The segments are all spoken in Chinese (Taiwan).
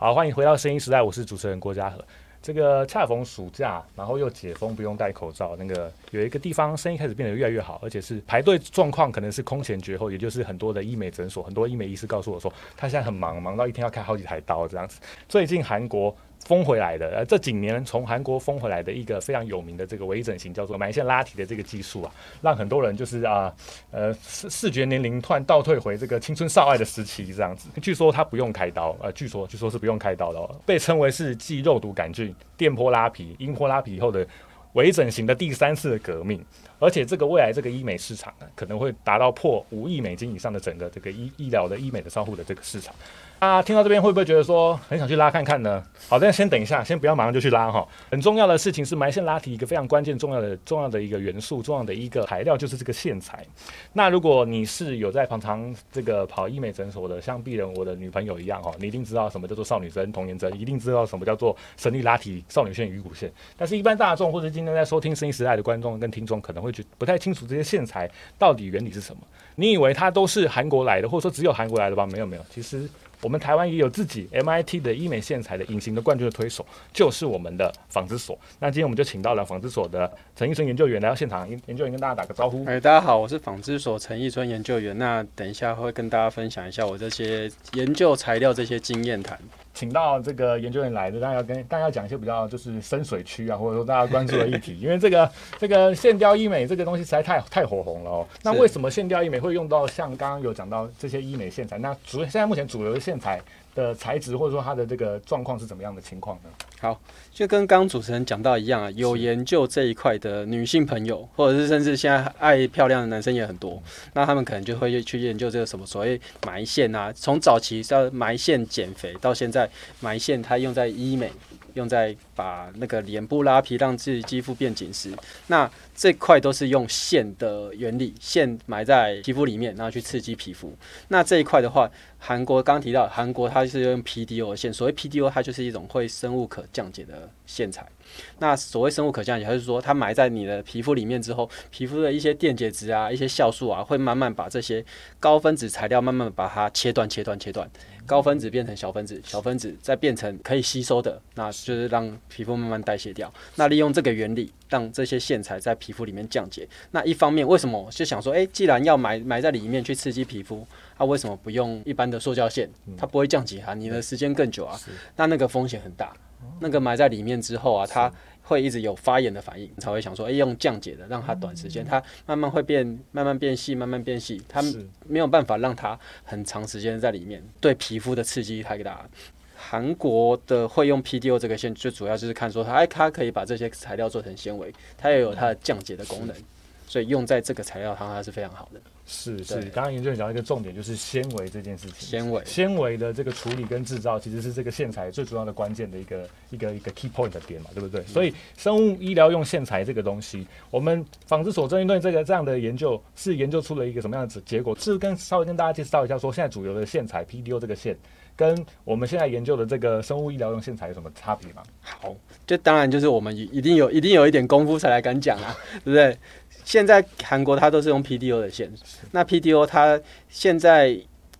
好，歡迎回到《生醫時代》，我是主持人郭嘉禾。這個恰逢暑假，然後又解封，不用戴口罩。那個有一個地方生意開始變得越來越好，而且是排隊狀況可能是空前絕後，也就是很多的醫美診所，很多醫美醫師告訴我說，他現在很忙，忙到一天要開好幾台刀這樣子。最近韓國，封回來的，呃，這幾年從韓國封回來的一個非常有名的這個微整形，叫做埋線拉提的這個技術啊，讓很多人就是啊，呃，視視覺年齡突然倒退回這個青春少艾的時期這樣子。據說它不用開刀，呃，據說，據說是不用開刀的哦，被稱為是繼肉毒桿菌、電波拉皮、音波拉皮以後的微整形的第三次的革命。而且這個未來這個醫美市場呢，啊，可能會達到破五億美金以上的整個這個醫醫療的醫美的商戶的這個市場。啊，聽到這邊會不會覺得說很想去拉看看呢？好，這樣先等一下，先不要馬上就去拉哈。很重要的事情是埋線拉提一個非常關鍵、重要的、重要的一個元素、重要的一個材料，就是這個線材。那如果你是有在常常這個跑醫美診所的，像鄙人我的女朋友一樣哈，你一定知道什麼叫做少女針、童顏針，一定知道什麼叫做神秘拉提、少女線、魚骨線。但是，一般大眾或者今天在收聽《生醫時代》的觀眾跟聽眾，可能會覺得不太清楚這些線材到底原理是什麼。你以為它都是韓國來的，或者說只有韓國來的吧？沒有，沒有，其實。我們台灣也有自己 MIT 的醫美線材的隱形的冠軍的推手，就是我們的紡織所。那今天我們就請到了紡織所的陳奕村研究員來到現場，研究員跟大家打個招呼。哎、欸，大家好，我是紡織所陳奕村研究員。那等一下會跟大家分享一下我這些研究材料這些經驗談。請到這個研究員來的，大家要跟大家講一些比較就是深水區啊，或者說大家關注的議題， 因為這個這個線雕醫美這個東西實在太太火紅了哦。那為什麼線雕醫美會用到像剛剛有講到這些醫美線材？那主現在目前主流的線材？的材質或者說它的這個狀況是怎麼樣的情況呢？好，就跟剛剛主持人講到一樣啊，有研究這一塊的女性朋友，或者是甚至現在愛漂亮的男生也很多，那他們可能就會去研究這個什麼所謂埋線啊，從早期是要埋線減肥，到現在埋線它用在醫美。用在把那個臉部拉皮，讓自己肌膚變緊實。那這塊都是用線的原理，線埋在皮膚裡面，然後去刺激皮膚。那這一塊的話，韓國剛提到，韓國它是用 PDO 線，所謂 PDO，它就是一種會生物可降解的線材。那所謂生物可降解，它就是說它埋在你的皮膚裡面之後，皮膚的一些電解質啊，一些酵素啊，會慢慢把這些高分子材料，慢慢把它切斷、切斷、切斷。高分子變成小分子，小分子再變成可以吸收的，那就是讓皮膚慢慢代謝掉。那利用這個原理，讓這些線材在皮膚裡面降解。那一方面，為什麼我就想說，誒、欸，既然要埋埋在裡面去刺激皮膚，它、啊、為什麼不用一般的塑膠線？它不會降解啊，你的時間更久啊。那那個風險很大，那個埋在裡面之後啊，它。會一直有發炎的反應，才會想說，哎，用降解的，讓它短時間，嗯、它慢慢會變，慢慢變細，慢慢變細，它沒有辦法讓它很長時間在裡面，對皮膚的刺激太大。韓國的會用 PDO 這個線，最主要就是看說，它，哎，它可以把這些材料做成纖維，它也有它的降解的功能。嗯所以用在這個材料它還是非常好的。是是，是對剛剛研究員講一個重點就是纖維這件事情。纖維纖維的這個處理跟製造其實是這個線材最重要的關鍵的一個一個一個 key point 的點嘛，對不對？嗯，所以生物醫療用線材這個東西，我們紡織所針對這個這樣的研究是研究出了一個什麼樣子結果？是跟稍微跟大家介紹一下，說現在主流的線材 PDO 這個線跟我們現在研究的這個生物醫療用線材有什麼差別嗎？好，這當然就是我們一定有一定有一點功夫才來敢講啊，對不對？ 現在韓國它都是用 PDO 的線，那 PDO 它現在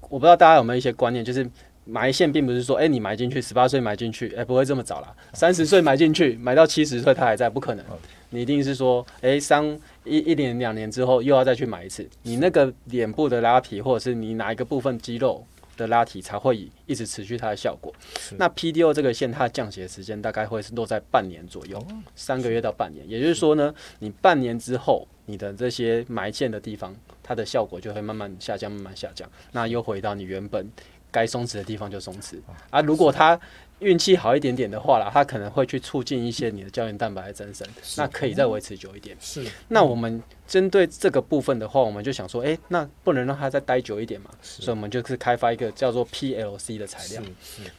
我不知道大家有沒有一些觀念，就是埋線並不是說，誒、欸、你埋進去十八歲埋進去，誒、欸、不會這麼早啦，三十歲埋進去，埋到七十歲它還在，不可能，你一定是說，誒、欸，三一一年兩年之後又要再去埋一次，你那個臉部的拉提或者是你哪一個部分肌肉的拉提才會一直持續它的效果。那 PDO 這個線它降解時間大概會是落在半年左右，三個月到半年，也就是說呢，你半年之後。你的這些埋線的地方，它的效果就會慢慢下降，慢慢下降，那又回到你原本該鬆弛的地方就鬆弛啊。如果它運氣好一點點的話啦，它可能會去促進一些你的膠原蛋白的增生，是那可以再維持久一點。嗯、是。那我們針對這個部分的話，我們就想說，誒、欸，那不能讓它再待久一點嘛？是所以我們就是開發一個叫做 PLC 的材料。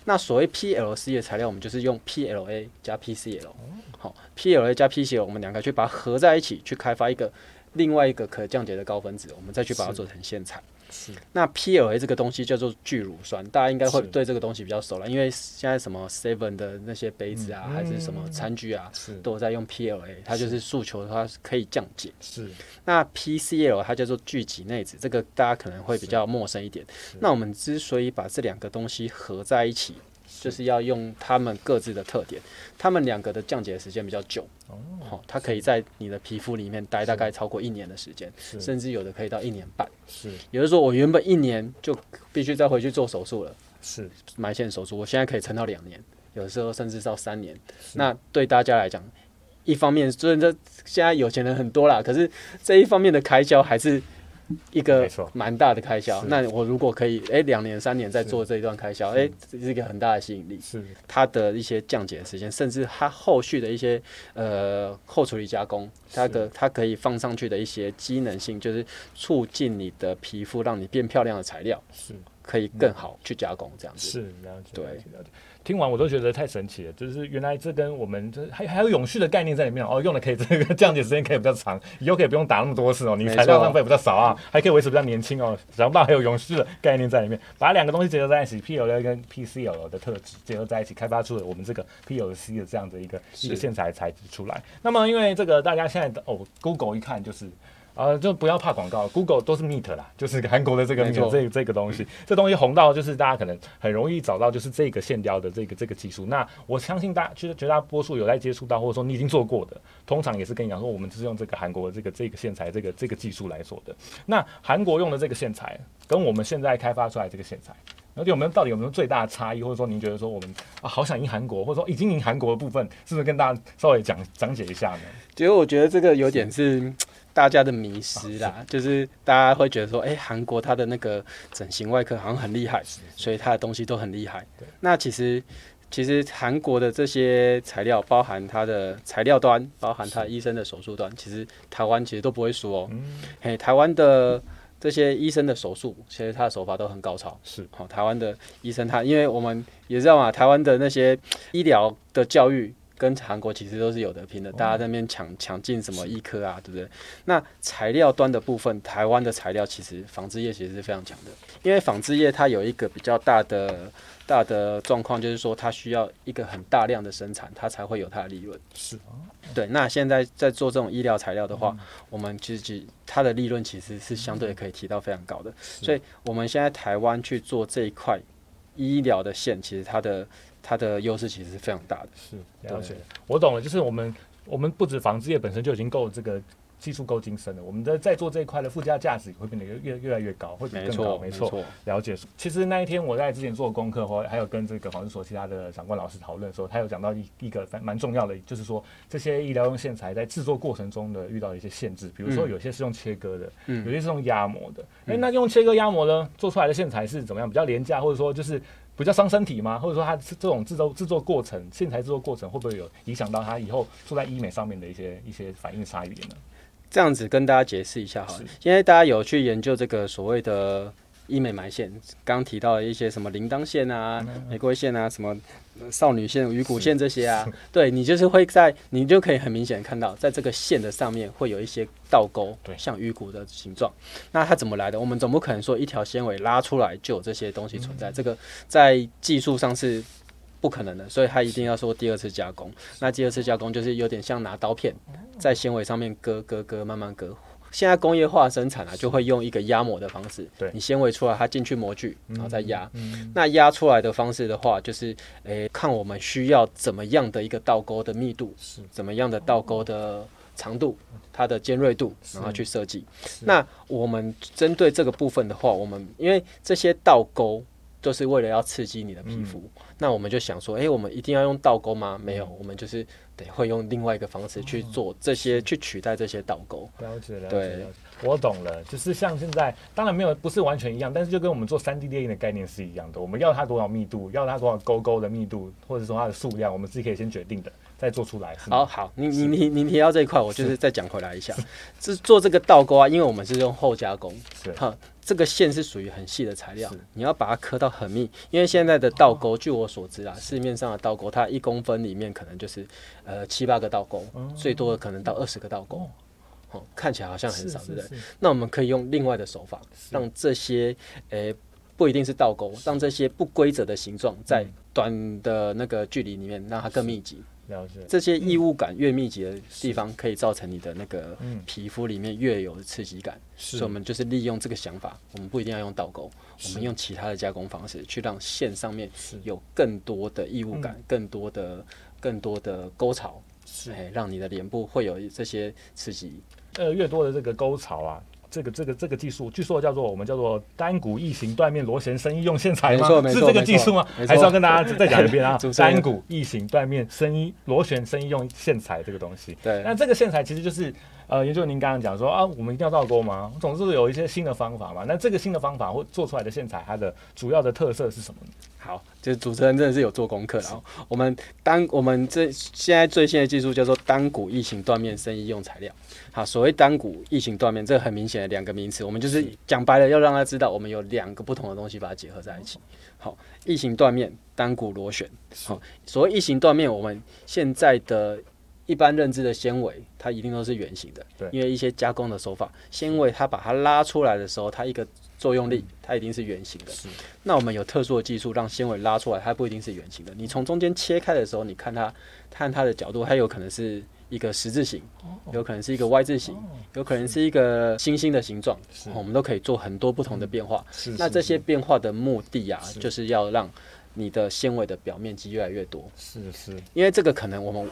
那所謂 PLC 的材料，我們就是用 PLA 加 PCL、嗯。好、喔，PLA 加 PCL，我們兩個去把它合在一起，去開發一個另外一個可降解的高分子，我們再去把它做成線材。那 PLA 這個東西叫做聚乳酸，大家應該會對這個東西比較熟了，是因為現在什麼 seven 的那些杯子啊，嗯、還是什麼餐具啊，嗯、都在用 PLA，是它就是訴求的話可以降解。是，那 PCL 它叫做聚己內酯，這個大家可能會比較陌生一點。那我們之所以把這兩個東西合在一起。就是要用他們各自的特點，是他們兩個的降解時間比較久，哦，好，它可以在你的皮膚裡面待大概超過一年的時間，是甚至有的可以到一年半，是，也就是說我原本一年就必須再回去做手術了，是，埋線手術，我現在可以撐到兩年，有時候甚至到三年，是那對大家來講，一方面雖然說現在有錢人很多啦，可是這一方面的開銷還是。一個蠻大的開銷。錯那我如果可以，哎、欸，兩年三年再做這一段開銷，哎是，欸、這是一個很大的吸引力。是它的一些降解時間，甚至它後續的一些呃後處理加工，它的是它可以放上去的一些機能性，就是促進你的皮膚讓你變漂亮的材料，是可以更好去加工、嗯、這樣子。是了解，對。聽完我都覺得太神奇了，就是原來這跟我們這還還有永續的概念在裡面哦，用的可以這個降解時間可以比較長，以後可以不用打那麼多次哦，你材料浪費比較少啊，錯還可以維持比較年輕哦，想不到還有永續的概念在裡面，把兩個東西結合在一起，P L A 跟 P C L 的特質結合在一起，開發出了我們這個 P L C 的這樣的一個是一個線材材質出來。那麼因為這個大家現在的哦，Google 一看就是。呃，就不要怕廣告，Google 都是 MIT 啦，就是韓國的這個錯這個、這個東西，嗯、這東西紅到就是大家可能很容易找到，就是這個線雕的這個這個技術。那我相信大其實絕大多數有在接觸到，或者說你已經做過的，通常也是跟你講說，我們就是用這個韓國的這個這個線材，這個這個技術來做的。那韓國用的這個線材跟我們現在開發出來這個線材，那我們到底有沒有最大的差異，或者說您覺得說我們啊好想贏韓國，或者說已經贏韓國的部分，是不是跟大家稍微講講解一下呢？其實我覺得這個有點是。大家的迷思啦，哦、是就是大家會覺得說，哎、欸，韓國它的那個整形外科好像很厲害，所以它的東西都很厲害。對那其實其實韓國的這些材料，包含它的材料端，包含它醫生的手術端，是其實台灣其實都不會輸哦、喔。嗯，嘿，台灣的這些醫生的手術，其實他的手法都很高超。是，哦、台灣的醫生他，他因為我們也知道嘛，台灣的那些醫療的教育。跟韓國其實都是有得拼的。哦、大家在那邊搶搶進什麼醫科啊，是對不對？那材料端的部分，台灣的材料其實紡織業其實是非常強的，因為紡織業它有一個比較大的大的狀況，就是說它需要一個很大量的生產，它才會有它的利潤。是嗎？對，那現在在做這種醫療材料的話，嗯、我們其實它的利潤其實是相對可以提到非常高的，是所以我們現在台灣去做這一塊醫療的線，其實它的。它的優勢其實是非常大的，是了解。對我懂了，就是我們我們不止紡織業本身就已經夠這個技術夠精深了，我們在在做這一塊的附加價值也會變得越越來越高，會比更高，沒錯，沒錯。了解。錯其實那一天我在之前做功課，或還有跟這個紡織所其他的長官老師討論的時候，他有講到一一個蠻重要的，就是說這些醫療用線材在制作過程中的遇到一些限制，比如說有些是用切割的，嗯、有些是用壓模的、嗯誒。那用切割壓模呢，做出來的線材是怎麼樣？比較廉價，或者說就是？比較傷身體嗎？或者說，它這這種制作製作過程，線材製作過程，會不會有影響到它以後做在醫美上面的一些一些反應差一點呢？這樣子跟大家解釋一下哈，因為是大家有去研究這個所謂的。醫美埋線剛提到的一些什麼鈴鐺線啊、玫瑰線啊、什麼、呃、少女線、魚骨線這些啊，對，你就是會在你就可以很明顯看到，在這個線的上面會有一些倒鈎，像魚骨的形狀。對那它怎麼來的？我們總不可能說一條纖維拉出來就有這些東西存在，嗯嗯嗯，這個在技術上是不可能的，所以它一定要說第二次加工。是那第二次加工就是有點像拿刀片在纖維上面割割割，慢慢割。現在工業化生產呢、啊，就會用一個壓模的方式。對，你纖維出來，它進去模具，然後再壓。嗯嗯、那壓出來的方式的話，就是誒，看我們需要怎麼樣的一個倒鈎的密度，是怎麼樣的倒鈎的長度，它的尖銳度，是然後去設計。是那我們針對這個部分的話，我們因為這些倒鈎都是為了要刺激你的皮膚，嗯、那我們就想說，誒，我們一定要用倒鈎嗎？嗯、沒有，我們就是。對，會用另外一個方式去做這些，嗯、去取代這些導購。嗯、對。我懂了，就是像現在，當然沒有不是完全一樣，但是就跟我們做 3D 列印的概念是一樣的。我們要它多少密度，要它多少鈎鈎的密度，或者說它的數量，我們自己可以先決定的，再做出來。好，好，你你你你提到這一塊，我就是再講回來一下，是，是，是做這個倒鈎啊，因為我們是用後加工，好是，這個線是屬於很細的材料，是你要把它刻到很密，因為現在的倒鈎，哦、據我所知啊，市面上的倒鈎，它一公分裡面可能就是呃七八個倒鈎，嗯、最多的可能到二十個倒鈎。哦看起來好像很少，是是是對不對？那我們可以用另外的手法，是是讓這些誒、欸、不一定是倒鈎，是是讓這些不規則的形狀在短的那個距離裡面，讓它更密集。了解。嗯、這些異物感越密集的地方，可以造成你的那個皮膚裡面越有刺激感。是是所以，我們就是利用這個想法，我們不一定要用倒鈎，是是我們用其他的加工方式去讓線上面有更多的異物感，嗯、更多的、更多的溝槽，誒是是、欸，讓你的臉部會有這些刺激。呃，越多的這個溝槽啊，這個這個這個技術，據說叫做我們叫做單股異形斷面螺旋生醫用線材嗎？是這個技術嗎？錯還是要跟大家再講一遍啊，對單股異形斷面生醫對螺旋生醫用線材這個東西。對，那這個線材其實就是。呃，也就是您剛剛講說啊，我們一定要倒鉤嗎？總是有一些新的方法嘛。那這個新的方法或做出來的線材，它的主要的特色是什麼呢？好，就是主持人真的是有做功課對然後我們當我們這現在最新的技術叫做單股異形斷面生醫用材料。好，所謂單股異形斷面，這個很明顯的兩個名詞，我們就是講白了，要讓他知道我們有兩個不同的東西把它結合在一起。好，異形斷面單股螺旋。好，所謂異形斷面，我們現在的。一般認知的纖維，它一定都是圓形的，對，因為一些加工的手法，纖維它把它拉出來的時候，它一個作用力，它一定是圓形的。是，那我們有特殊的技術讓纖維拉出來，它不一定是圓形的。你從中間切開的時候，你看它，看它的角度，它有可能是一個十字形，有可能是一個 Y 字形，有可能是一個星星的形狀，是、哦。是、嗯，我們都可以做很多不同的變化。嗯、是、是、是，那這些變化的目的啊，是就是要讓你的纖維的表面積越來越多。是是，因為這個可能我們。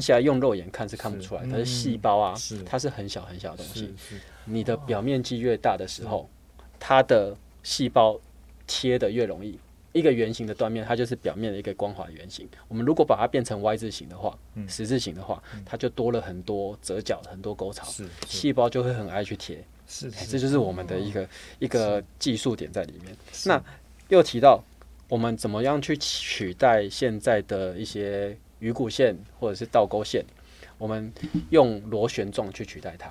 下用肉眼看是看不出來的，它是細胞啊，它是很小很小的東西。你的表面積越大的時候，它的細胞貼得越容易。一個圓形的斷面，它就是表面的一個光滑的圓形。我們如果把它變成 Y 字形的話，十字形的話，它就多了很多折角、很多溝槽，細胞就會很愛去貼。是，這就是我們的一個一個技術點在裡面。那又提到我們怎麼樣去取代現在的一些。魚骨線或者是倒鈎線，我們用螺旋狀去取代它。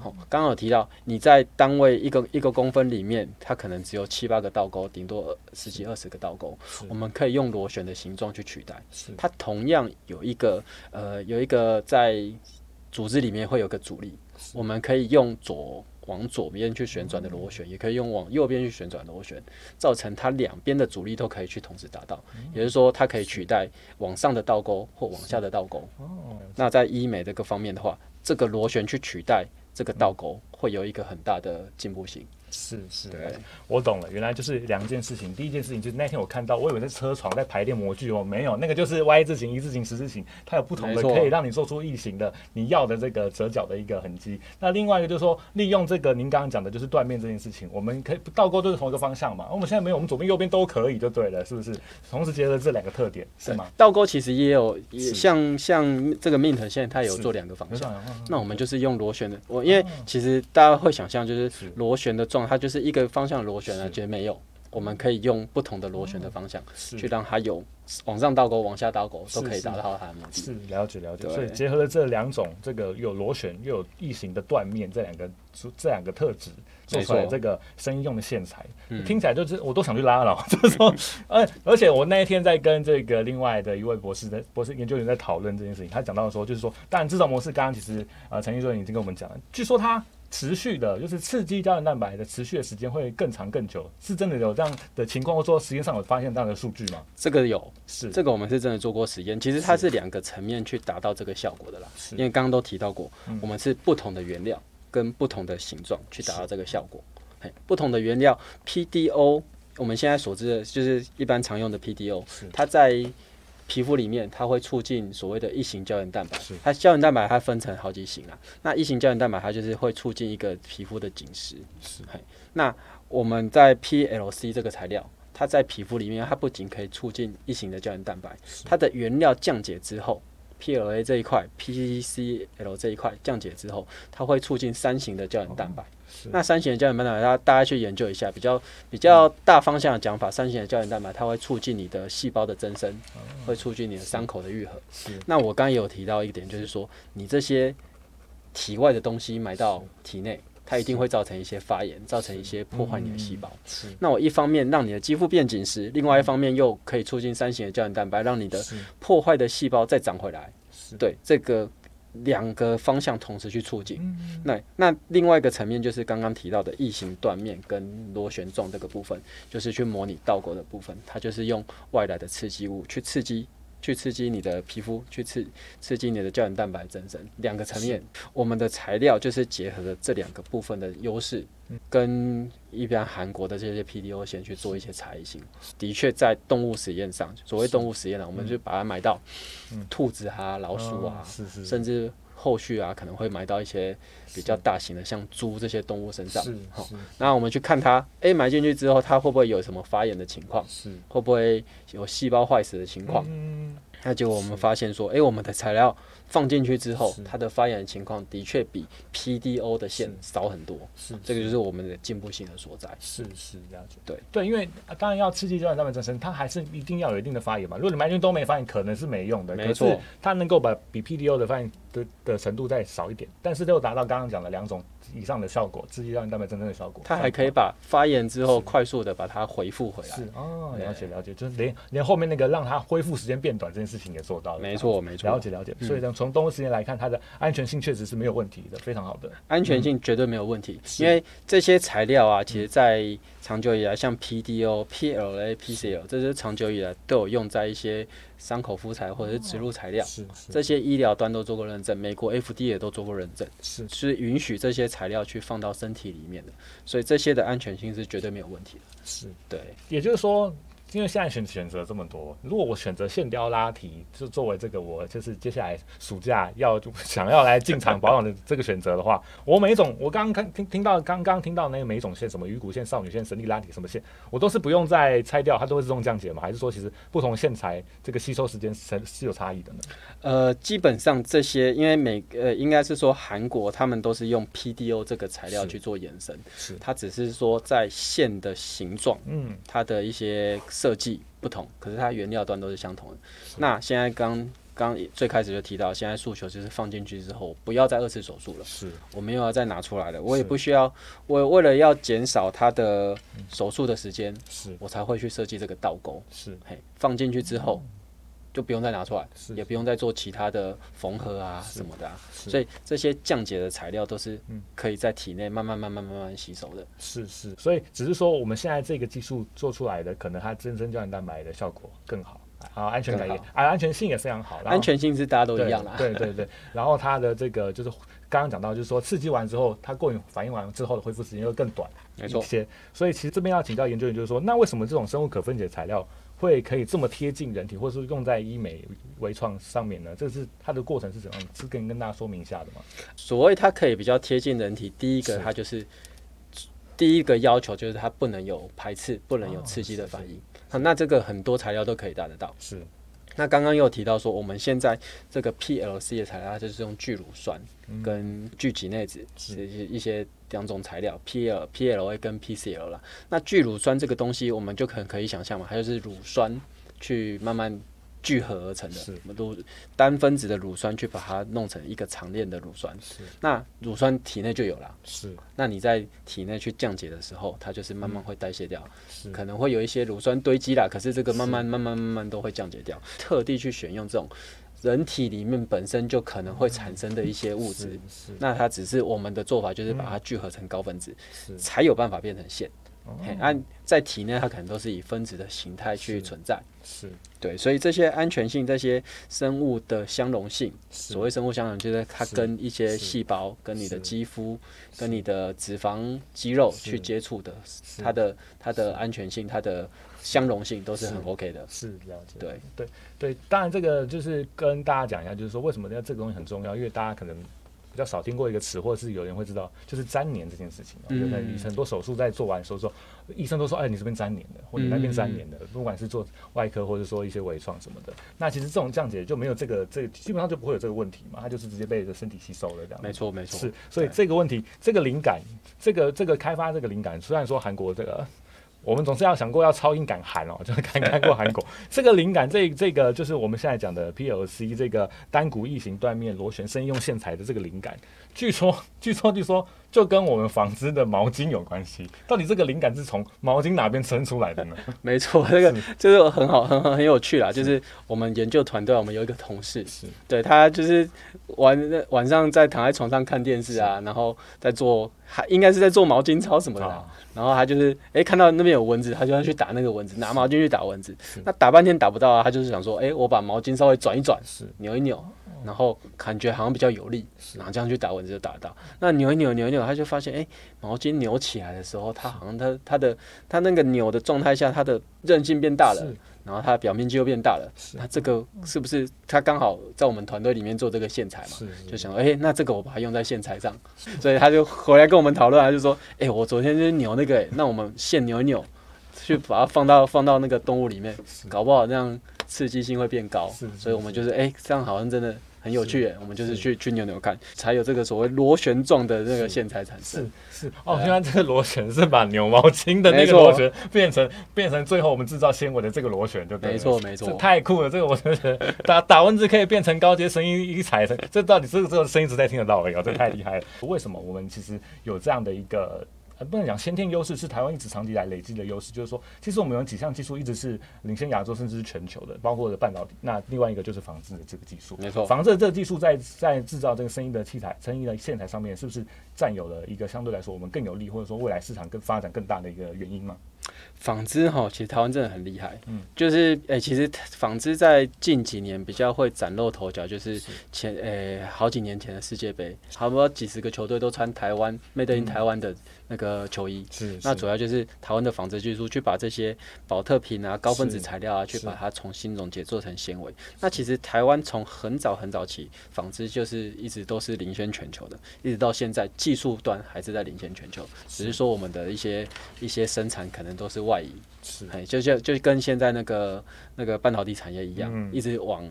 好，剛好有提到你在單位一個一個公分裡面，它可能只有七八個倒鈎，頂多十幾二十個倒鈎，是我們可以用螺旋的形狀去取代。是它同樣有一個呃有一個在組織裡面會有一個阻力，是我們可以用左。往左邊去旋轉的螺旋，也可以用往右邊去旋轉螺旋，造成它兩邊的阻力都可以去同時達到，也就是說，它可以取代往上的倒鈎或往下的倒鈎。那在醫美這個方面的話，這個螺旋去取代這個倒鈎，會有一個很大的進步性。是是，是對我懂了，原來就是兩件事情。第一件事情就是那天我看到，我以為在車床在排練模具哦，沒有，那個就是 Y 字形、一字形、十字形，它有不同的錯可以讓你做出異形的你要的這個折角的一個痕跡。那另外一個就是說，利用這個您剛剛講的就是斷面這件事情，我們可以倒鈎都是同一個方向嘛？我們現在沒有，我們左邊右邊都可以，就對了，是不是？同時結合這兩個特點，是嗎？倒鈎其實也有，也像是像這個 Mint 現在它有做兩個方向，是那我們就是用螺旋的。我是因為其實大家會想象就是螺旋的。它就是一個方向的螺旋的，是絕沒有。我們可以用不同的螺旋的方向、嗯、去讓它有往上倒鈎、往下倒鈎，是是啊、都可以達到它的是。是了解了解，了解對所以結合了這兩種，這個有螺旋又有異形的斷面，這兩個這兩個特質錯做出來這個生醫用的線材，嗯、聽起來就是我都想去拉了。嗯、就是說，而 而且我那一天在跟這個另外的一位博士在博士研究員在討論這件事情，他講到說，就是說，但制造模式剛剛其實呃陳奕村已經跟我們講了，據說他。持續的，就是刺激膠原蛋白的持續的時間會更長更久，是真的有這樣的情況，或者說實驗上有發現這樣的數據嗎？這個有，是這個我們是真的做過實驗，其實它是兩個層面去達到這個效果的啦，是因為剛剛都提到過，是我們是不同的原料跟不同的形狀去達到這個效果，是不同的原料 PDO，我們現在所知的就是一般常用的 PDO，是它在。皮膚裡面，它會促進所謂的一型膠原蛋白。是它膠原蛋白它分成好幾型啊，那一型膠原蛋白它就是會促進一個皮膚的緊實。是嘿，那我們在 PLC 這個材料，它在皮膚裡面，它不僅可以促進一型的膠原蛋白，是它的原料降解之後。P L A 這一塊，P C L 這一塊降解之後，它會促進三型的膠原蛋白。哦、那三型的膠原蛋白，大家大家去研究一下，比較比較大方向的講法，嗯、三型的膠原蛋白它會促進你的細胞的增生，哦嗯、會促進你的傷口的愈合。是那我剛剛有提到一點，就是說是你這些體外的東西埋到體內。它一定會造成一些發炎，造成一些破壞你的細胞。是嗯、是那我一方面讓你的肌膚變緊實，是另外一方面又可以促進三型的膠原蛋白，讓你的破壞的細胞再長回來。是對，這個兩個方向同時去促進。嗯、那那另外一個層面就是剛剛提到的異形斷面跟螺旋狀這個部分，就是去模擬倒鈎的部分，它就是用外來的刺激物去刺激。去刺激你的皮膚，去刺刺激你的膠原蛋白增生，兩個層面，是我們的材料就是結合了這兩個部分的優勢，嗯、跟一般韓國的這些 PDO 線去做一些差異性。是的確，在動物實驗上，所謂動物實驗呢、啊，是我們就把它埋到是、嗯、兔子啊、老鼠啊，哦、是是甚至。後續啊，可能會埋到一些比較大型的，是像豬這些動物身上。好，那我們去看它，哎、欸，埋進去之後，它會不會有什麼發炎的情況？是會不會有細胞壞死的情況？嗯，那結果我們發現說，哎是、欸，我們的材料。放進去之後，是它的發炎情況的確比 PDO 的線少很多，是，是，是這個就是我們的進步性的所在。是是這樣子。對對，因為、啊、當然要刺激膠原蛋白再再生，它還是一定要有一定的發炎嘛。如果你們完全都沒發炎，可能是沒用的。沒錯錯，它能夠把比 PDO 的發炎的的程度再少一點，但是就達到剛剛講的兩種以上的效果，刺激膠原蛋白真正的效果。它還可以把發炎之後快速的把它恢復回來。是，是哦，了解、嗯、了解，就是連連後面那個讓它恢復時間變短這件事情也做到了。沒錯沒錯，了解了解。嗯、所以呢，從動物實驗來看，它的安全性確實是沒有問題的，非常好的安全性絕對沒有問題。嗯、因為這些材料啊，是其實在長久以來像 o, A, L, 是，像 P D O、P L A、P C L 這些長久以來都有用在一些。傷口敷材或者是植入材料。哦哦，這些醫療端都做過認證，美國 FDA 也都做過認證，是是允許這些材料去放到身體裡面的，所以這些的安全性是絕對沒有問題的。是對，也就是說，因為現在選選擇這麼多，如果我選擇線雕拉提，就作為這個我就是接下來暑假要就想要來進場保養的這個選擇的話， 我每一種我剛剛聽聽到剛剛聽到那個每一種線什麼魚骨線、少女線、神力拉提什麼線，我都是不用再拆掉，它都會自動降解嗎？還是說其實不同線材這個吸收時間是是有差異的呢？呃，基本上這些因為每呃應該是說韓國他們都是用 PDO 這個材料去做延伸，是，是它只是說在線的形狀，嗯，它的一些。設計不同，可是它原料端都是相同的。是那現在剛剛最開始就提到，現在訴求就是放進去之後不要再二次手術了，是，我沒有要再拿出來了，我也不需要，我為了要減少它的手術的時間，是我才會去設計這個倒鈎，是，嘿放進去之後。就不用再拿出來，是是也不用再做其他的縫合啊什麼的，啊，是是，所以這些降解的材料都是可以在體內慢慢慢慢慢慢吸收的。是是，所以只是說我們現在這個技術做出來的，可能它增生膠原蛋白的效果更好，啊，安全感也，好啊，安全性也是非常好，安全性是大家都一樣的。對，對對對， 然後它的這個就是剛剛講到，就是說刺激完之後，它過敏反應完之後的恢復時間會更短一些。沒錯錯。所以其實這邊要請教研究員，就是說，那為什麼這種生物可分解材料？會可以這麼貼近人體，或是用在醫美微創上面呢？這是它的過程是怎樣？是跟跟大家說明一下的嗎？所謂它可以比較貼近人體，第一個它就是，是第一個要求就是它不能有排斥，不能有刺激的反應。好、哦啊，那這個很多材料都可以達得到。是。那剛剛又提到說，我們現在這個 PLC 的材料它就是用聚乳酸跟聚己內酯一些。兩種材料，P L P L A 跟 P C L 啦，那聚乳酸這個東西我們就可可以想象嘛，它就是乳酸去慢慢聚合而成的。我們都單分子的乳酸去把它弄成一個長鏈的乳酸。是那乳酸體內就有了。是。那你在體內去降解的時候，它就是慢慢會代謝掉。嗯、可能會有一些乳酸堆積啦，可是這個慢慢是慢慢慢慢都會降解掉。特地去選用這種。人體裡面本身就可能會產生的一些物質，嗯、那它只是我們的做法就是把它聚合成高分子，嗯、才有辦法變成線。嗯嗯，啊、在體內，它可能都是以分子的形態去存在，是，是對，所以這些安全性、這些生物的相容性，是所謂生物相容，就是它跟一些細胞、是跟你的肌膚、是跟你的脂肪、肌肉去接觸的，它的它的安全性、它的相容性都是很 OK 的，是，是了解，對對對，當然這個就是跟大家講一下，就是說，為什麼要這個東西很重要，因為大家可能。比較少聽過一個詞，或者是有人會知道，就是粘連這件事情。嗯。就是在很多手術在做完的時候說，說醫生都說：“哎，你這邊粘連的，或者那邊粘連的。嗯”不管是做外科，或者說一些微創什麼的，那其實這種降解就沒有這個，這個、基本上就不會有這個問題嘛。它就是直接被這身體吸收了，這樣沒。沒錯，沒錯。是，所以這個問題，對 這個靈感，這個這個開發這個靈感，雖然說韓國這個。我們總是要想過要超英趕韓哦，就是看看過韓國 這個靈感，這個、這個就是我們現在講的 P L C 這個單股異形斷面螺旋生用線材的這個靈感，據說據說據說就跟我們紡織的毛巾有關係。到底這個靈感是從毛巾哪邊生出來的呢？沒錯，這個就是很好很很有趣啦。是，就是我們研究團隊，我們有一個同事，是對他就是晚晚上在躺在床上看電視啊，是然後在做，還應該是在做毛巾操什麼的、啊。啊然後他就是，哎，看到那邊有蚊子，他就要去打那個蚊子，拿毛巾去打蚊子。是那打半天打不到啊，他就是想說，哎，我把毛巾稍微轉一轉，是扭一扭，然後感覺好像比較有力，是然後這樣去打蚊子就打得到。那扭一扭扭一扭，一扭，他就發現，哎，毛巾扭起來的時候，他好像他他的他那個扭的狀態下，他的韌性變大了。然後它表面就變大了，是那這個是不是它剛好在我們團隊裡面做這個線材嘛？就想說，哎、欸，那這個我把它用在線材上，是所以他就回來跟我們討論，他就說，哎、欸，我昨天就是扭那個、欸， 那我們線扭一扭去把它放到放到那個動物裡面，是搞不好這樣刺激性會變高，所以我們就是，哎、欸，這樣好像真的。很有趣，是我們就是去是去扭扭看，才有這個所謂螺旋狀的這個線材產生。是是，是是對啊、哦，原來這個螺旋是把牛毛巾的那個螺旋變成，沒錯 變，成變成最後我們製造纖維的這個螺旋，對，不對沒，沒錯沒錯，太酷了！這個我真的打打蚊子可以變成高階聲音一，一踩聲，這到底這個這個聲音值在聽得到沒有？這太厲害了！ 為什麼我們其實有這樣的一個？啊、不能講先天優勢，是台灣一直長期來累積的優勢，就是說，其實我們有幾項技術一直是領先亞洲甚至是全球的，包括的半導體。那另外一個就是紡織的這個技術，沒錯，紡織這個技術在在製造這個生醫的器材、生醫的線材上面，是不是佔有了一個相對來說我們更有利，或者說未來市場更發展更大的一個原因嘛？紡織哈，其實台灣真的很厲害，嗯，就是哎、欸，其實紡織在近幾年比較會嶄露頭角，就是前哎、欸、好幾年前的世界杯，差不多幾十個球隊都穿台灣 made in 台灣的那個球衣，是是那主要就是台灣的紡織技術去把這些寶特瓶啊、高分子材料啊，去把它重新溶解做成纖維。是那其實台灣從很早很早起，紡織就是一直都是領先全球的，一直到現在技術端還是在領先全球，只是說我們的一些一些生產可能都是外移，哎是，就就就跟現在那個那個半導體產業一樣，嗯、一直往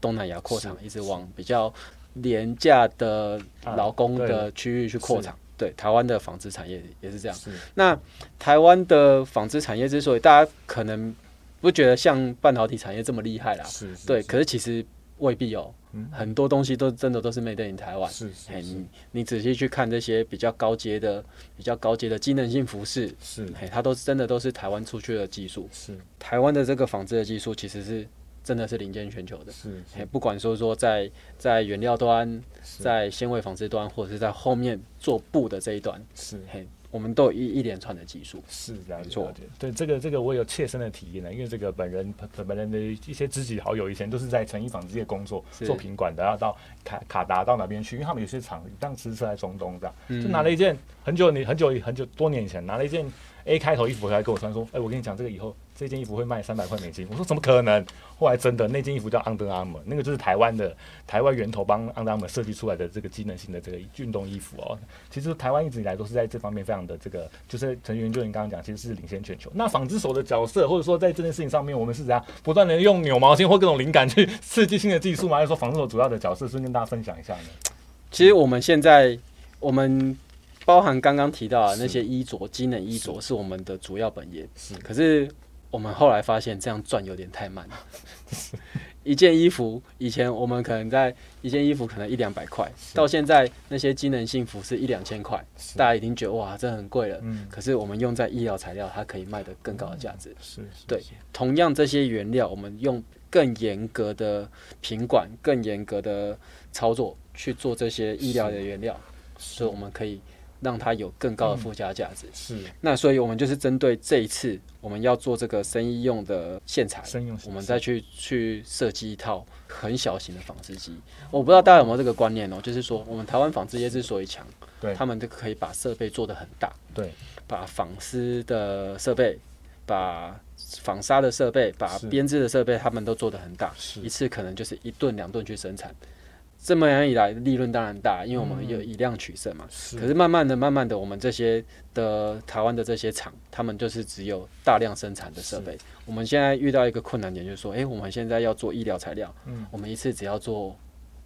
東南亞擴廠，是一直往比較廉價的勞工的區、啊、域去擴廠。對台灣的紡織產業也是這樣。是那台灣的紡織產業之所以大家可能不覺得像半導體產業這麼厲害啦，是是是對，可是其實未必哦。嗯、很多東西都真的都是 made in 台灣。是，是，是你，你仔細去看這些比較高階的、比較高階的機能性服飾，是，它都是真的都是台灣出去的技術。是，台灣的這個紡織的技術其實是。真的是領先全球的，是，是，不管說說在在原料端，是在纖維紡織端，或者是在後面做布的這一端，是，嘿，我們都有一一連串的技術，是這樣做。沒錯錯，對這個這個我有切身的體驗呢，因為這個本人本人的一些知己好友以前都是在成衣紡織業工作，是做品管的，要到卡卡達到哪邊去，因為他們有些廠當時是在中東的，就拿了一件很久你很久很久多年前拿了一件 A 開頭衣服回來給我穿，說，哎、欸，我跟你講這個以後。這件衣服會賣三百塊美金，我說怎麼可能？後來真的，那件衣服叫 Under Armour，那個就是台灣的台灣源頭幫 Under Armour 設計出來的這個機能性的這個運動衣服哦。其實台灣一直以來都是在這方面非常的這個，就是陳研究員剛剛講，其實是領先全球。那紡織所的角色，或者說在這件事情上面，我們是怎樣不斷的用扭毛巾或各種靈感去設計性的技術嗎？還是說紡織所主要的角色是跟大家分享一下呢？其實我們現在我們包含剛剛提到的那些衣着機是能衣着是我們的主要本業，是可是。我們後來發現這樣賺有點太慢了。 一件衣服以前我們可能在一件衣服可能一兩百塊，是到現在那些機能性服飾一兩千塊，是大家已經覺得哇，這很貴了。嗯，可是我們用在醫療材料，它可以賣得更高的價值。嗯，對，是是是同樣這些原料，我們用更嚴格的品管、更嚴格的操作去做這些醫療的原料，所以我們可以。讓它有更高的附加價值。嗯，是。嗯。那所以，我們就是針對這一次我們要做這個生醫用的線材，生用我們再去去設計一套很小型的紡織機。我不知道大家有沒有這個觀念哦，就是說我們台灣紡織業之所以強，他們都可以把設備做得很大，對，把紡絲的設備、把紡紗的設備、把編織的設備，是他們都做得很大，是一次可能就是一噸兩噸去生產。這麼樣以來，利潤當然大，因為我們有以量取勝嘛。是。可是慢慢的，慢慢的，我們這些的台灣的這些廠，他們就是只有大量生產的設備。是。我們現在遇到一個困難點，就是說，誒，我們現在要做醫療材料，嗯，我們一次只要做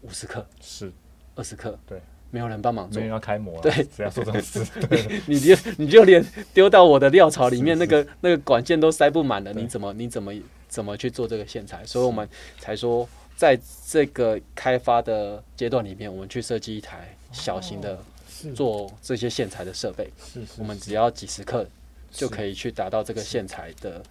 五十克，是，二十克，對，沒有人幫忙做，要開模，對，只要做這麼一次，你就你就連丟到我的料槽裡面那個那個管線都塞不滿了，你怎麼你怎麼怎麼去做這個線材？所以我們才說。在這個開發的階段裡面，我們去設計一台小型的做這些線材的設備，我們只要幾十克就可以去達到這個線材的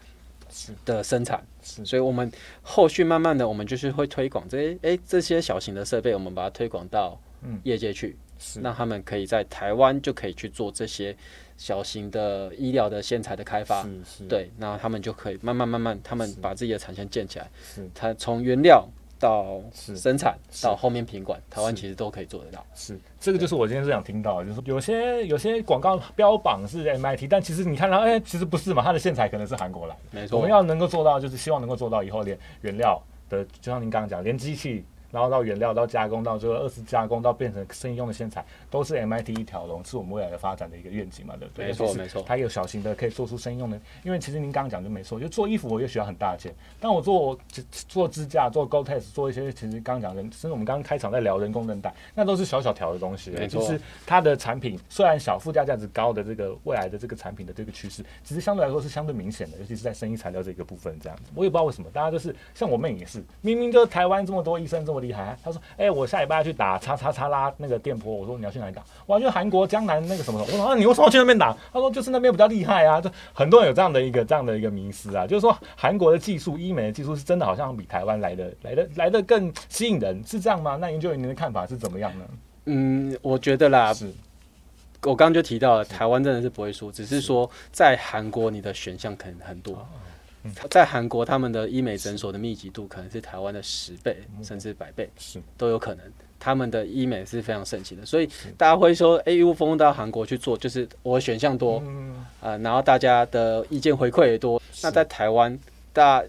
的生產。所以，我們後續慢慢的，我們就是會推廣這些誒、欸，這些小型的設備，我們把它推廣到業界去，讓他們可以在台灣就可以去做這些小型的醫療的線材的開發。對，然後他們就可以慢慢慢慢，他們把自己的產線建起來，他從原料。到是生產是到後面品管，是台灣其實都可以做得到。是，是對 這個就是我今天最想聽到的，就是有些有些廣告標榜是 M I T，但其實你看它哎、欸，其實不是嘛，它的線材可能是韓國來的。沒錯錯，我們要能夠做到，就是希望能夠做到以後連原料的，就像您剛剛講，連機器。然後到原料到加工到這個二次加工到變成生醫用的線材，都是 MIT 一條龍，是我們未來的發展的一個願景嘛？對不對？沒錯，沒錯。它也有小型的可以做出生醫用的，因為其實您剛剛講就沒錯，就做衣服我也需要很大件，但我做做支架、做 Gore-Tex 做一些其實剛剛講的，甚至我們剛剛開場在聊人工韌帶，那都是小小條的東西。沒錯。就是它的產品雖然小，附加價值高的這個未來的這個產品的這個趨勢，其實相對來說是相對明顯的，尤其是在生醫材料這個部分這樣子。我也不知道為什麼，大家就是像我妹也是，明明就台灣這麼多醫生這麼。厲害、啊，他說：“哎、欸，我下禮拜要去打叉叉叉拉那個電波。”我說：“你要去哪裡打？我要去韓國江南那個什麼什麼。”我說：“啊，你為什麼要去那邊打？”他說：“就是那邊比較厲害啊，就很多人有這樣的一個這樣的一個迷思啊，就是說韓國的技術、醫美的技術是真的好像比台灣來的來的來的更吸引人，是這樣嗎？那研究員您的看法是怎麼樣呢？嗯，我覺得啦，我剛剛就提到了，台灣真的是不會輸，只是說在韓國你的選項可能很多。”在韓國，他們的醫美診所的密集度可能是台灣的十倍甚至百倍，都有可能。他們的醫美是非常盛行的，所以大家會說，哎喲，飛到韓國去做，就是我選項多，呃，然後大家的意見回饋也多。那在台灣，大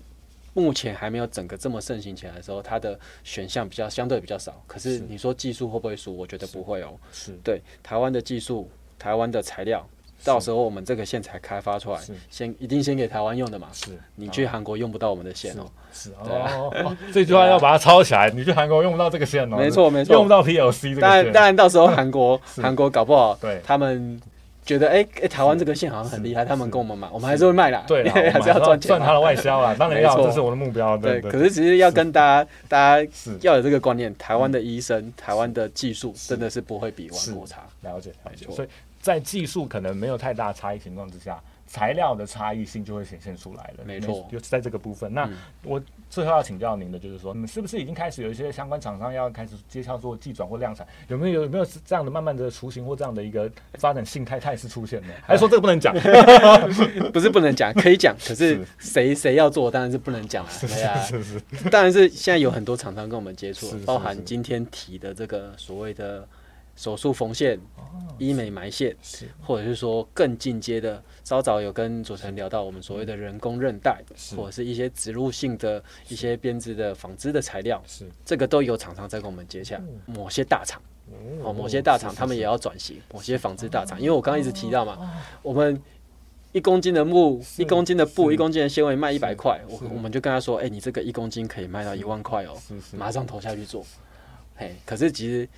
目前還沒有整個這麼盛行起來的時候，它的選項比較相對比較少。可是你說技術會不會輸？我覺得不會哦。是對台灣的技術，台灣的材料，到時候我們這個線才開發出來，先一定先給台灣用的嘛。是你去韓國用不到我們的線哦。是哦，這句話要把它抄起來。你去韓國用不到這個線哦，沒錯沒錯，用不到 PLC 這個線。當然，當然到時候韓國韓國搞不好，他們覺得哎，台灣這個線好像很厲害，他們跟我們買，我們還是會賣的。對，還是要賺錢，算他的外銷啊，當然要，這是我的目標。對，可是其實要跟大家，大家要有這個觀念，台灣的醫生、台灣的技術真的是不會比外國差。了解，沒錯。所以。在技術可能沒有太大差異情況之下，材料的差異性就會顯現出來了。沒錯，就在這個部分。那、嗯、我最後要請教您的就是說，你、嗯、們是不是已經開始有一些相關廠商要開始接洽做技轉或量產？有沒有有沒有這樣的慢慢的雛形或這樣的一個發展性態態勢出現呢？還說這個不能講，哎、 不是不能講，可以講。可是誰誰要做，當然是不能講了。哎、是是是，是，當然是現在有很多廠商跟我們接觸，是是是是包含今天提的這個所謂的。手術縫線、醫美埋線，或者是說更進階的，稍早，有跟主持人聊到我們所謂的人工韌帶，或者是一些植入性的一些編織的紡織的材料，這個都有廠商在跟我們接洽，某些大廠，哦，某些大廠他們也要轉型，某些紡織大廠。因為我剛剛一直提到嘛，我們一公斤的木、一公斤的布、一公斤的纖維賣一百塊，我我們就跟他說，哎，你這個一公斤可以賣到一萬塊哦，馬上投下去做，嘿，可是其實，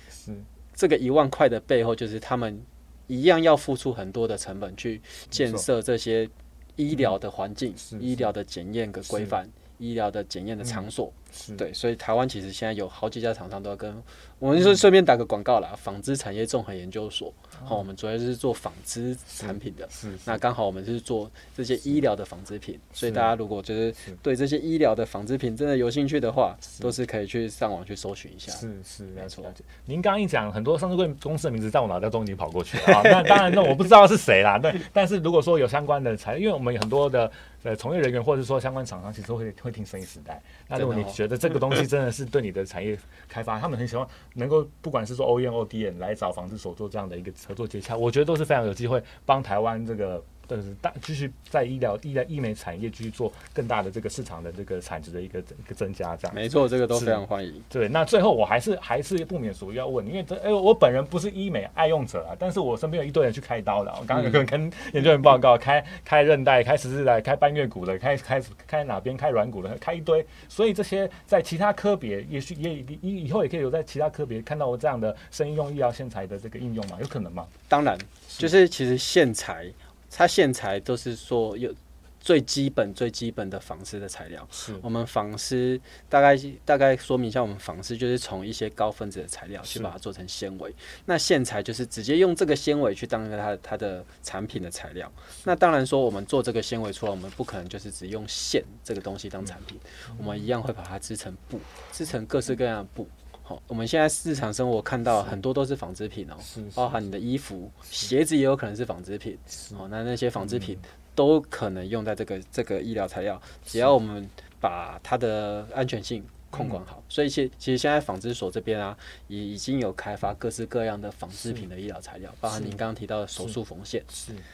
這個一萬塊的背後，就是他們一樣要付出很多的成本去建設這些醫療的環境、嗯、是是醫療的檢驗的規範、是醫療的檢驗的場所。嗯是對，所以台灣其實現在有好幾家廠商都要跟我們就說，順便打個廣告啦。紡織產業綜合研究所，好、哦哦，我們主要就是做紡織產品的。那剛好我們是做這些醫療的紡織品，是所以大家如果就是對這些醫療的紡織品真的有興趣的話，是都是可以去上網去搜尋一下。是是，是沒錯錯。您剛剛一講很多上市公司的名字，在我腦袋中已經跑過去了、啊 啊。那當然，那我不知道是誰啦。但 但是如果說有相關的材，因為我們有很多的呃從業人員，或者說相關廠商，其實會會聽生醫時代。哦、那如果你。 覺得這個東西真的是對你的產業開發，他們很希望能夠，不管是說 O E M O D M 來找紡織所做這樣的一個合作接洽，我覺得都是非常有機會幫台灣這個。就是大繼續在醫療、醫療醫美產業繼續做更大的這個市場的這個產值的一個增、一個增加，這樣沒錯錯，是這個都非常歡迎。對，那最後我還是還是不免俗要問，因為這誒、欸，我本人不是醫美愛用者啊，但是我身邊有一堆人去開刀的、啊。我剛剛有跟研究員報告，嗯嗯、開開韌帶，開十字帶，開半月骨的，開開開哪邊開軟骨的，開一堆。所以這些在其他科別，也許也以以後也可以有在其他科別看到我這樣的生醫用醫療線材的這個應用嘛？有可能嗎？當然，就是其實線材。是它線材都是說有最基本最基本的紡織的材料是，是我們紡織大概大概說明一下，我們紡織就是從一些高分子的材料去把它做成纖維是，那線材就是直接用這個纖維去當它的它的產品的材料是。那當然說我們做這個纖維出來，我們不可能就是只用線這個東西當產品、嗯，我們一樣會把它織成布，織成各式各樣的布。哦、我們現在日常生活看到很多都是紡織品哦，是是是是包含你的衣服，是是鞋子也有可能是紡織品。是哦，那那些紡織品都可能用在這個是這個醫療材料，只要我們把它的安全性控管好。是所以其其實現在紡織所這邊啊，已已經有開發各式各樣的紡織品的醫療材料，包含您剛剛提到的手術縫線，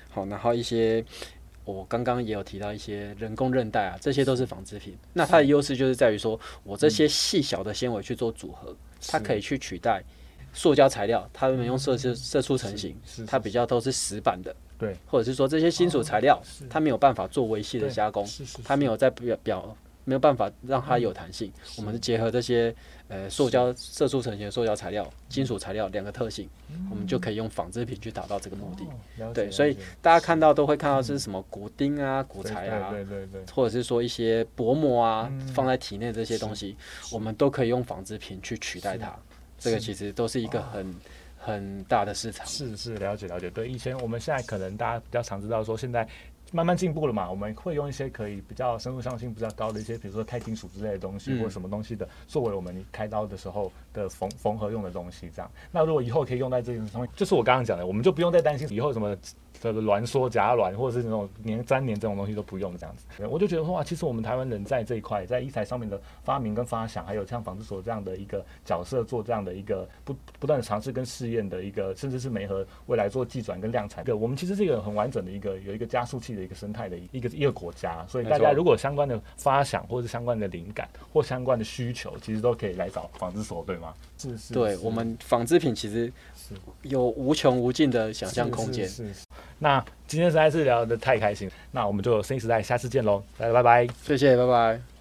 好、哦，然後一些。我剛剛也有提到一些人工韌帶啊，這些都是紡織品。是那它的優勢就是在於說，我這些細小的纖維去做組合，是它可以去取代塑膠材料。它們用射出射出成型，它比較都是死板的。對，或者是說這些金屬材料，哦、它沒有辦法做微細的加工，是是是是它沒有在表表。沒有辦法讓它有彈性，我們是結合這些呃塑膠、射出成型塑膠材料、金屬材料兩個特性，我們就可以用紡織品去達到這個目的。對，所以大家看到都會看到是什麼骨釘啊、骨材啊，對對對，或者是說一些薄膜啊，放在體內這些東西，我們都可以用紡織品去取代它。這個其實都是一個很很大的市場。是是，了解了解。對，以前我們現在可能大家比較常知道說現在。慢慢進步了嘛？我們會用一些可以比較深入、相性、比較高的一些，比如說鈦金屬之類的東西，嗯、或什麼東西的，作為我們開刀的時候的縫縫合用的東西。這樣，那如果以後可以用在這件事上面，就是我剛剛講的，我們就不用再擔心以後什麼。.這個攣縮夾攣，或者是那種粘粘黏這種東西都不用這樣子，對我就覺得說哇，其實我們台灣人在這一塊，在醫材上面的發明跟發想，還有像紡織所這樣的一個角色做這樣的一個不不斷的嘗試跟試驗的一個，甚至是媒合未來做技轉跟量產，對，我們其實是一個很完整的一個有一個加速器的一個生態的一個一個國家，所以大家如果相關的發想，或者是相關的靈感或相關的需求，其實都可以來找紡織所，對嗎？是是，是對，對我們紡織品其實有無窮無盡的想象空間，是，是。那今天實在是聊得太開心，那我們就生醫時代下次見嘍，拜拜，拜拜，謝謝，拜拜。